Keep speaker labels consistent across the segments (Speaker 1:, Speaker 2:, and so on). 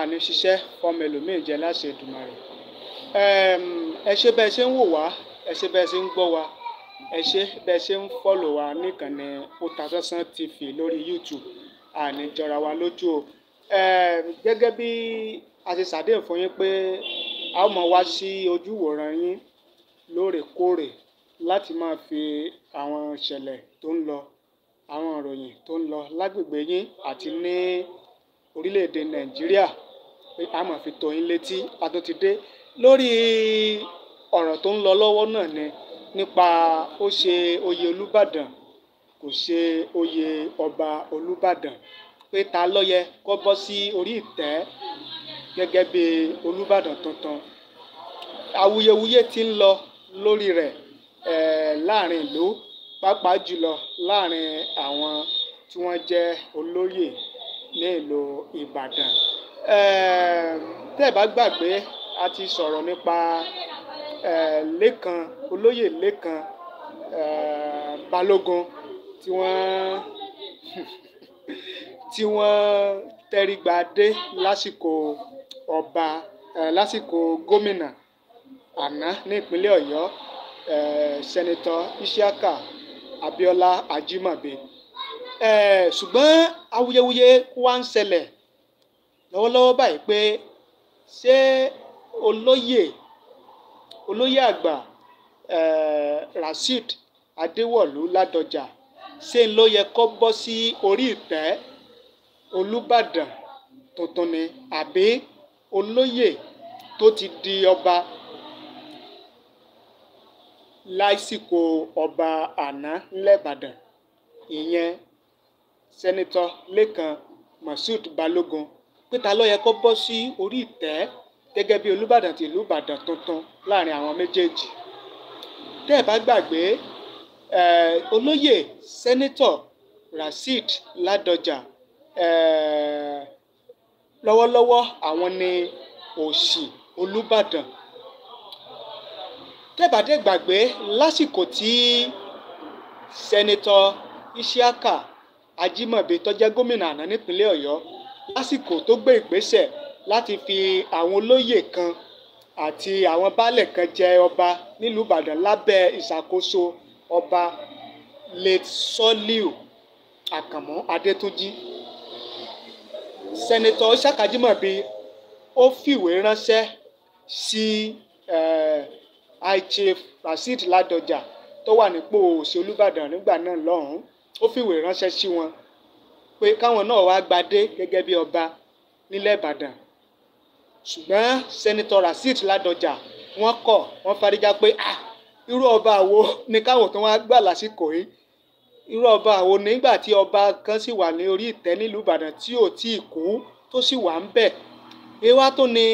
Speaker 1: àní ṣiṣẹ́ fọmọ ẹlòmíì jẹ láṣẹ Èdùmàrè ẹ ṣé bẹ́ẹ̀ ṣe ń wò wá ẹ ṣé bẹ́ẹ̀ ṣe ń gbọ́ wá ẹ ṣé bẹ́ẹ̀ ṣe ń fọ́lò wá níkànnì Otasansan TV lórí YouTube àní jọra wa lójú o gẹ́gẹ́ bí a ṣe ṣàdéhùn fún yín pé a ó máa wá sí ojúwòran yín lóòrèkóòrè láti máa fi àwọn ìṣẹ̀lẹ̀ tó ń lọ àwọn ìròyìn tó ń lọ lágbègbè yín àti ní orílẹ̀-èdè Nàìjíríà pé a máa fi tó létí a tó ti dé lórí ọ̀rọ̀ tó ń lọ lọ́wọ́ náà ni nípa ó ṣe oyè Olúbàdàn kò ṣe oyè ọba Olúbàdàn pé ta ló yẹ kó bọ́ sí orí ìtẹ́ gẹ́gẹ́ bí Olúbàdàn tuntun awuyewuye ti ń lọ lórí rẹ̀ ẹ̀ láàrin ìlú pàápàá jùlọ láàrin àwọn tí wọ́n jẹ́ olóyè ní ìlú Ìbàdàn tẹ́ ẹ̀ bá gbàgbé a ti sọ̀rọ̀ nípa Lékan olóyè Lékan Balógun tí wọ́n tí wọ́n tẹrígba dé lásìkò ọba lásìkò gómìnà àná ní ìpínlẹ̀ Ọ̀yọ́ sẹ́nitọ́ Isiaka Abiola Ajimobi ṣùgbọ́n awuyewuye wá ń ṣẹlẹ̀ lọ́wọ́lọ́wọ́ báyìí pé ṣé olóyè olóyè àgbà Rasheed Adéwọ̀lú Ládọjà ṣé ń ló yẹ kó bọ́ sí orí ìtẹ́ Olúbàdàn tuntun ni àbí olóyè tó ti di ọba lásìkò ọba àná ńlẹ́bàdàn ìyẹn sẹ́nitọ́ Lẹ́kan Mashood Balógun pé ta ló yẹ kó bọ́ sí orí ìtẹ́ gẹ́gẹ́ bí Olúbàdàn ti ìlú Ìbàdàn tuntun láàrin àwọn méjèèjì tẹ́ ẹ̀ bá gbàgbé olóyè sẹ́nẹ́tọ̀ Rasheed Ládọjà lọ́wọ́lọ́wọ́ àwọn ni òsì Olúbàdàn tẹ́bàdé gbàgbé lásìkò tí sẹ́nẹ́tọ̀ Isiaka Ajimobi tó gómìnà àná nípínlẹ̀ Ọ̀yọ́ lásìkò tó gbé ìgbésẹ̀ láti fi àwọn olóyè kan àti àwọn baálẹ̀ kan jẹ ọba nílùú Ìbàdàn lábẹ́ ìṣàkóso ọba late Soliu Àkànmọ́ Adétúnjì sẹ́nitọ́ Ishaka Jimobi ó fìwé ránṣẹ́ sí high eh, chief Rasheed Ládọjà tó wà nípò òṣèlú Ìbàdàn nígbà náà lọ́hùn-ún ó fìwé ránṣẹ́ sí wọn pé káwọn náà wá gbadé gẹ́gẹ́ bí ọba nílẹ̀ ìbàdàn ṣùgbọ́n sẹ́nitọ́ rasheed ládọjà wọ́n kọ̀ wọ́n fárígá pé ah irú ọba àwo ni káwọn tó wá gbà lásìkò yìí irú ọba àwo nígbà tí ọba kan sì wà ní orí ìtẹ́ nílùú ìbàdàn tí ò tí ì kú tó sì wà ń bẹ̀ ewa tó ní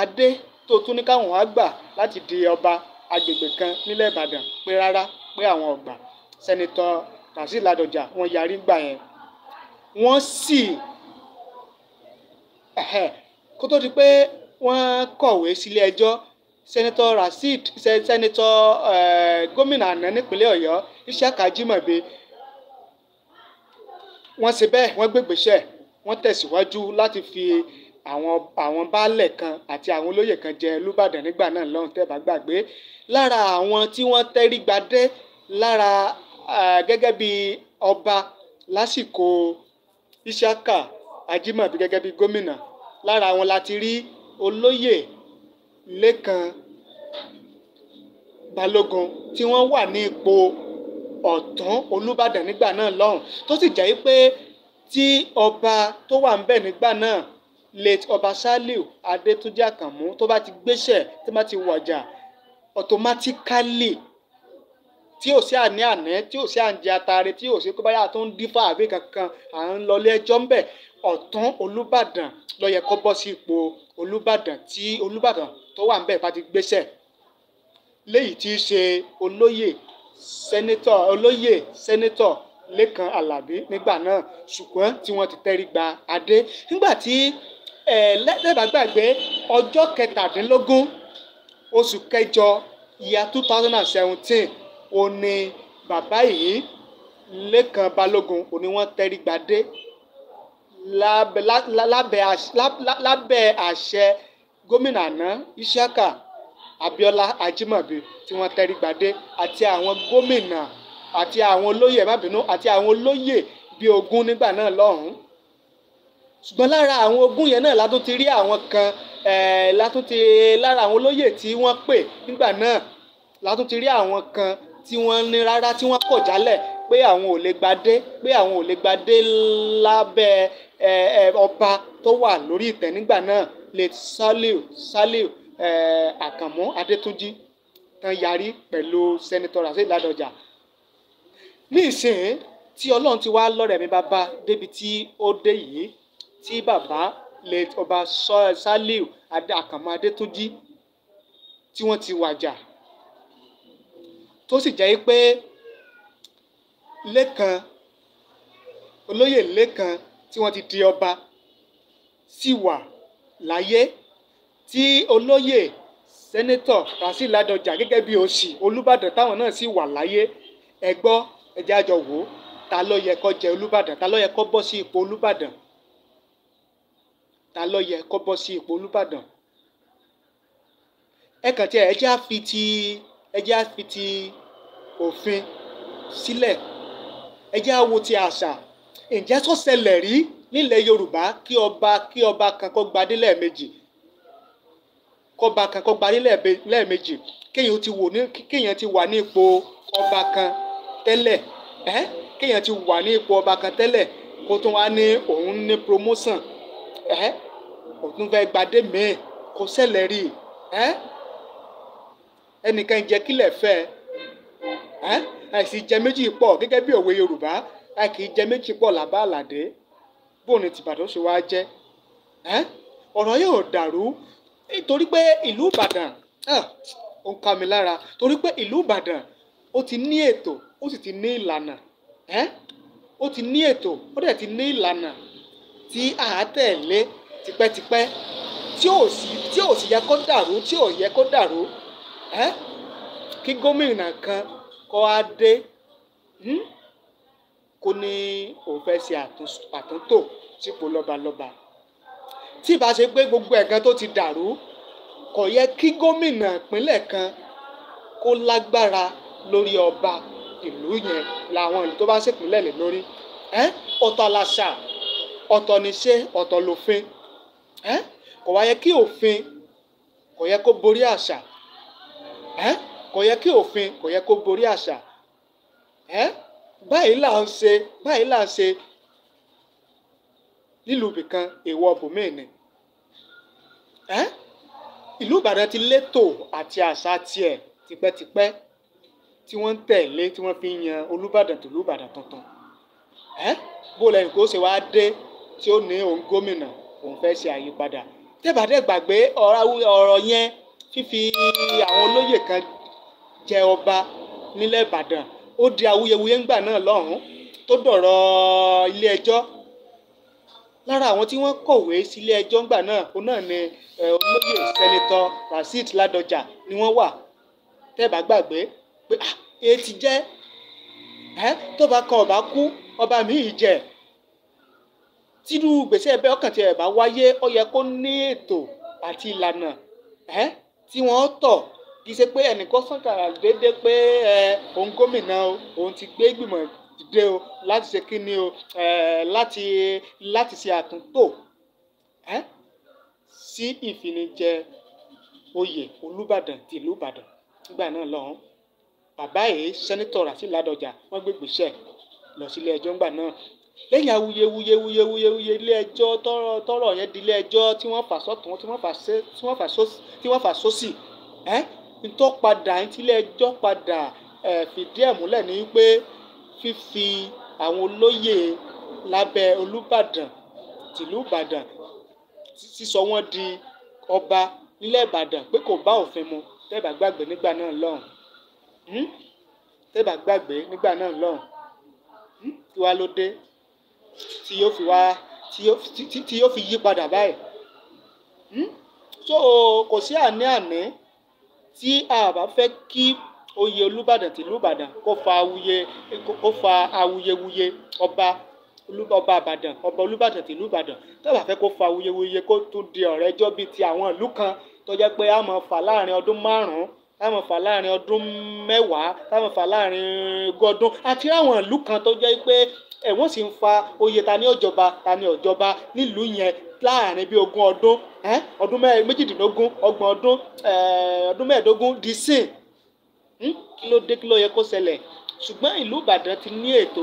Speaker 1: adé tó tún ní káwọn wá gbà láti di ọba agbègbè kan nílẹ̀ ìbàdàn pé rárá pé àwọn ọgbà sẹ́nitọ́ rasheed ládọjà wọ́n yarí gbà yẹn wọ́n sì kó tó di pé wọ́n kọ̀wé sílé ẹjọ́ sẹ́nitọ́ rasheed sẹ́nitọ́ eh, gómìnà àná nípínlẹ̀ ọ̀yọ́ ishaq ajimobi wọ́n ṣe bẹ́ẹ̀ wọ́n gbégbèsẹ̀ wọ́n tẹ̀síwájú láti fi àwọn àwọn baálẹ̀ kan àti àwọn olóyè kan jẹ lùbàdàn nígbà náà lọ́hùn tẹ́ bá gbàgbé lára àwọn tí wọ́n tẹ́rí gbadé lára eh, gẹ́gẹ́ bí ọba lásìkò Isiaka Ajímọ̀bí gẹ́gẹ́ bí gomina lára wọn la ti rí olóyè Lékan Balógun tí wọ́n wà ní ipò ọ̀tún Olúbàdàn nígbà náà lọ́hùn tó sì jẹ́ pé tí ọba tó wà ń bẹ̀ nígbà náà late ọba Ṣálíù Adétúnjì Àkànmú tó bá ti gbéṣẹ̀ tó bá ti wàjà automatically tí ò sí àní àná tí ò sí àǹjẹ atare tí ò sí pé báyà tó ń dífà àbí kankan à ń lọlé ẹjọ́ ń bẹ̀ ọ̀tún olùbàdàn ló yẹ kó bọ́ sí ipò olùbàdàn tí olùbàdàn tó wà ń bẹ̀ bá ti gbéṣẹ̀ léyìí tí í ṣe olóyè sẹ́nẹ́tọ̀ olóyè sẹ́nẹ́tọ̀ Lékan Àlàbí nígbà náà ṣùgbọ́n tí wọ́n ti tẹ́rí gba adé nígbà tí lẹ́bàgbàgbé ọjọ́ kẹtàdínlógún oṣù kẹjọ ìyá two thousand and seventeen ó ní bàbá yìí Lékan Balógun ó ní wọ́n tẹrí gbadé lábẹ́ àṣẹ gómìnà àná Isiaka Abiola Ajimobi tí wọ́n tẹrí gbadé àti àwọn gómìnà àti àwọn olóyè ẹ má bínú àti àwọn olóyè bíi ogún nígbà náà lọ́hùn-ún ṣùgbọ́n lára àwọn ogún yẹn náà látún ti rí àwọn kan látún ti lára àwọn olóyè tí wọ́n pè nígbà náà látún ti rí àwọn kan tí wọ́n ní rárá tí wọ́n kọ̀ jálẹ̀ pé àwọn ò lè gbadé pé àwọn ò lè gbadé lábẹ́ ọba tó wà lórí ìtẹ́ nígbà náà late Saliu Saliu Àkànmú Adétúnjì tán yarí pẹ̀lú sẹ́nitọ́ Rasheed Ládọjà ní ìsìn tí Ọlọ́run ti wá lọ́rẹ̀ mi bàbá débi tí ó dé yìí tí bàbá late ọba Saliu Àkànmú Adétúnjì tí wọ́n ti wàjà tó sì jẹ́ pé Lékan olóyè Lékan tí wọ́n ti di ọba sì wà láyé tí olóyè sẹ́nẹ́tọ̀ Rasheed Ládọjà gẹ́gẹ́ bí òsì Olúbàdàn táwọn náà sì wà láyé ẹ gbọ́ ẹ jẹ́ àjọ wò ó ta ló yẹ kó jẹ Olúbàdàn ta ló yẹ kó bọ́ sí ipò Olúbàdàn ta ló yẹ kó bọ́ sí ipò Olúbàdàn ẹ kàn tí ẹ jẹ́ àfi ti ẹ jẹ́ àfi ti òfin sílẹ̀ ẹ jẹ́ á wo ti àṣà ǹjẹ́ tó ṣẹlẹ̀ rí nílẹ̀ Yorùbá kí ọba kí ọba kan kó gbadé lẹ́ẹ̀mejì kọba kan kó gbadé lẹ́ẹ̀mejì kéèyàn ti wò ní kéèyàn ti wà ní ipò ọba kan tẹ́lẹ̀ ẹ́ kéèyàn ti wà ní ipò ọba kan tẹ́lẹ̀ kó tún wá ní òun ní promotion ẹ́ òun tún fẹ́ gbadé míì kó ṣẹlẹ̀ rí ẹ́ ẹnìkan jẹ́ kílẹ̀ fẹ́ ẹ́ àìsí jẹ méjì pọ̀ gẹ́gẹ́ bí òwe Yorùbá a kì í jẹ méjì pọ̀ làbá àlàdé bó ni tìbàdàn ṣe wá jẹ́ ọ̀rọ̀ yóò dàrú nítorí pé ìlú Ìbàdàn ó ń ká mi lára torí pé ìlú Ìbàdàn ó ti ní ètò ó sì ti ní ìlànà ó ti ní ètò ó dẹ̀ ti ní ìlànà tí a tẹ̀lé tipẹ́tipẹ́ tí ò sì tí ò sì yẹ kó dàrú tí ò yẹ kó dàrú kí gómìnà kan kọ́ á dé hmm? kó ní òun fẹ́ ṣe àtúntò sípò lọ́balọ́ba tí ìbá ṣe pé gbogbo ẹ̀kan tó ti dàrú kò yẹ kí gómìnà ìpínlẹ̀ kan kó lágbára lórí ọba ìlú yẹn làwọn ìlú tó bá ṣèpínlẹ̀ lè lórí ọ̀tọ̀ làṣà ọ̀tọ̀ níṣe ọ̀tọ̀ lòfin kò wá kí òfin kò yẹ kó borí àṣà. Eh? kò yẹ kí òfin kò yẹ kó borí àṣà ẹ báyìí là ń ṣe báyìí là ń ṣe nílùú ibìkan èèwọ̀ bòmíì ni ẹ ìlú Ìbàdàn ti létò àti àṣà tiẹ̀ tipẹ́tipẹ́ tí wọ́n ń tẹ̀lé tí wọ́n fi ń yan Olúbàdàn tòlú Ìbàdàn tuntun ẹ bó lẹ́yìn kó ṣe wáá dé tí ó ní òun gómìnà òun fẹ́ ṣe àyípadà tẹ́bàdẹ́ ọ̀rọ̀ yẹn fífi àwọn olóyè kan jẹ ọba nílẹ̀ ìbàdàn ó di awuyewuye ńgbà náà lọ́hùn-ún tó dọ̀rọ̀ ilé ẹjọ́ lára àwọn tí wọ́n kọ̀wé sílé ẹjọ́ ńgbà náà òun náà ni olóyè sẹ́nitọ́ rasheed ládọjà ni wọ́n wà tẹ́ẹ̀bá gbàgbé pé ah, èyí ti jẹ́ tọ́ba kan ọba kú ọba míì jẹ tírú gbèsè ẹbẹ ọkàn tí ẹ bá wáyé ó yẹ kó ní ètò àti ìlànà tí wọ́n tọ̀ kì í ṣe pé ẹnìkan sọ̀tàrà dédé pé ẹ òun gómìnà o òun ti gbé ìgbìmọ̀ dìde o láti ṣe kí ni o ẹ láti láti ṣe àtúntò ẹ sí ìfinijẹ oyè Olúbàdàn tìlú Ìbàdàn nígbà náà lọ́hùn bàbá yìí sẹ́nitọ̀ Rasheed Ládọjà wọ́n gbé gbèsè lọ sílé ẹjọ́ ńgbà náà lẹ́yìn awuyewuye wuyewuye wuye ilé ẹjọ́ tọ́rọ̀ tọ́rọ̀ yẹn di ilé ẹjọ́ tí wọ́n fà sọ́tún tí wọ́n fà sósì ẹ́ ntọ́ padà ntílé ẹjọ́ padà fìdí ẹ̀ múlẹ̀ ní pé fífi àwọn olóyè lábẹ́ Olúbàdàn tìlú Ìbàdàn sísọ wọ́n di ọba nílẹ̀ Ìbàdàn pé kò bá òfin mu tẹ́ẹ̀bà gbàgbé nígbà náà lọ́hùn hmm? tẹ́ẹ̀bà gbàgbé nígbà náà lọ́hùn hmm? kí wá ló dé tí yóò fi wá tí yóò fi yí padà báyìí hmm? so kò sí àní àní tí a bá fẹ́ kí oyè Olúbàdàn tìlú Ìbàdàn kó fa awuye kó fa awuyewuye ọba ọba Ìbàdàn ọba Olúbàdàn tìlú Ìbàdàn tá a bá fẹ́ kó fa awuyewuye kó tún di ọ̀rẹ́jọ́ bíi ti àwọn ìlú kan tó jẹ́ pé a máa fà láàrin ọdún márùn-ún táwọn fà láàrin ọdún mẹ́wàá táwọn fà láàrin ogún ọdún àti láwọn ìlú kan tó jẹ́ pé ẹ̀wọ̀n sì ń fa oyè ta ní ọ̀jọba ta ní ọ̀jọba nílùú yẹn láàrin bíi ogún ọdún ọdún méjìdínlógún ọgbọ̀n ọdún ọdún mẹ́ẹ̀ẹ́dógún di sìn hmm, kí ló dé kí ló yẹ kó ṣẹlẹ̀ ṣùgbọ́n ìlú Ìbàdàn ti ní ètò